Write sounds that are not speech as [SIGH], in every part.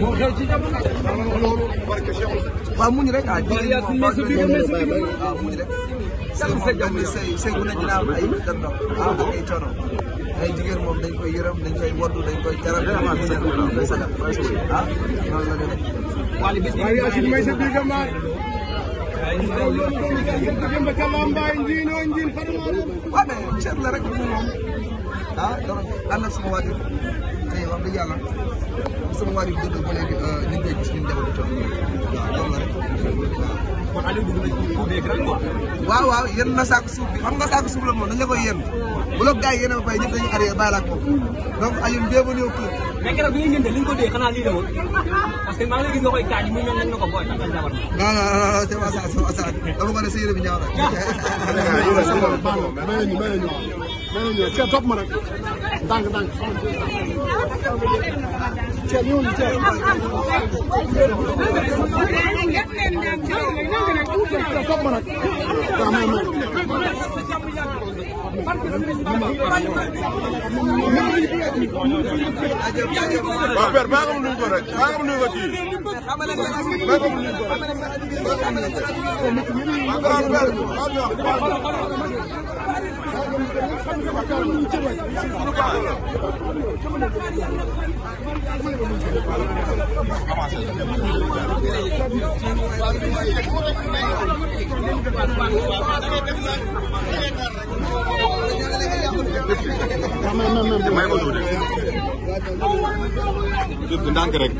moo xew ci jamono loolu barke Cheikh waaw muñ rek ah di yaa mais bi mais ah, muñ rek sax sa jàmm say say bu ne dina am ay dando ah, ak ay coono ay jigéen moom dañ koy yërëm dañ koy woddu dañ koy jaral dama seen loolu sa ah noonu la demee wali bis ni may sa biir gambaar waaw mais cer la rek moom ah dama ànd ak sama waajur yàlla sama waajur dëgg ba léegi euh, ñu ngi koy gis ñun jamono toog waaw loolu na ci ku dégg rek na saako suuf bi xam nga saako suuf la moom dañ la koy yéen bu la gars yi yéen a fay ñëpp dañu arrêté bàyyi la ak moom donc Aliou bienvenue au club. mais keroog bi nga ñëw de li ñu ko dee xanaa lii demoon parce que maa ngi lay gis nga koy kaaj mu mel ne nga ko booy tàngal jabar. non non non c'est pas ça c'est pas ça dama [LAUGHS] dana ñëw ceeb topp ma rek ndànk ndànk ceeb ñëw na ceeb topp ma nag waaw man man waaw père baaxam nuñ ko rek baaxam nuñ ko kii baaxam nuñ ko rek may ma tuuti def ndànk rek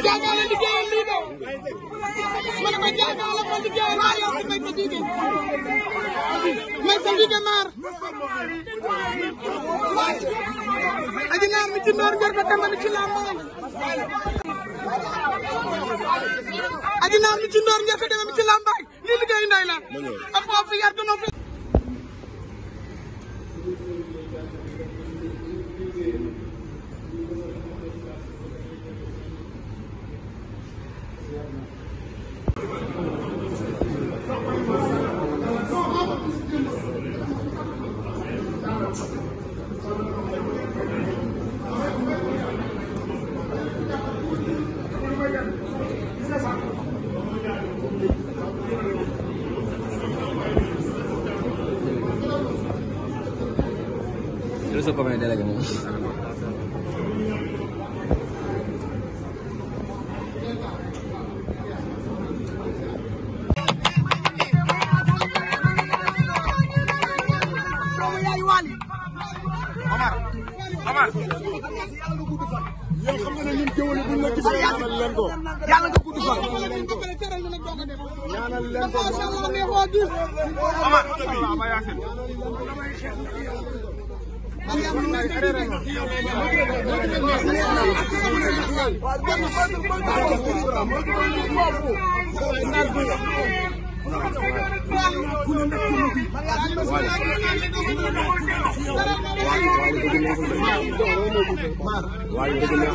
Jangan digelar liggéey naa la ko liggéey naa yow ki may Sadidé may Sadidé maar aji naar mi ci noor njër ba tamba mi ci naar moom aji naar mi ci noor njër ko deme mi ci lambaay li liggéey ndey la ak foofu yar dama fi Yeah. Terus apa yang ada lagi? Amar. yow xam nga ne ñun teewul la gisee ñaanal leen ko. yàlla nga gudd fan. ñaanal వాళ్ళు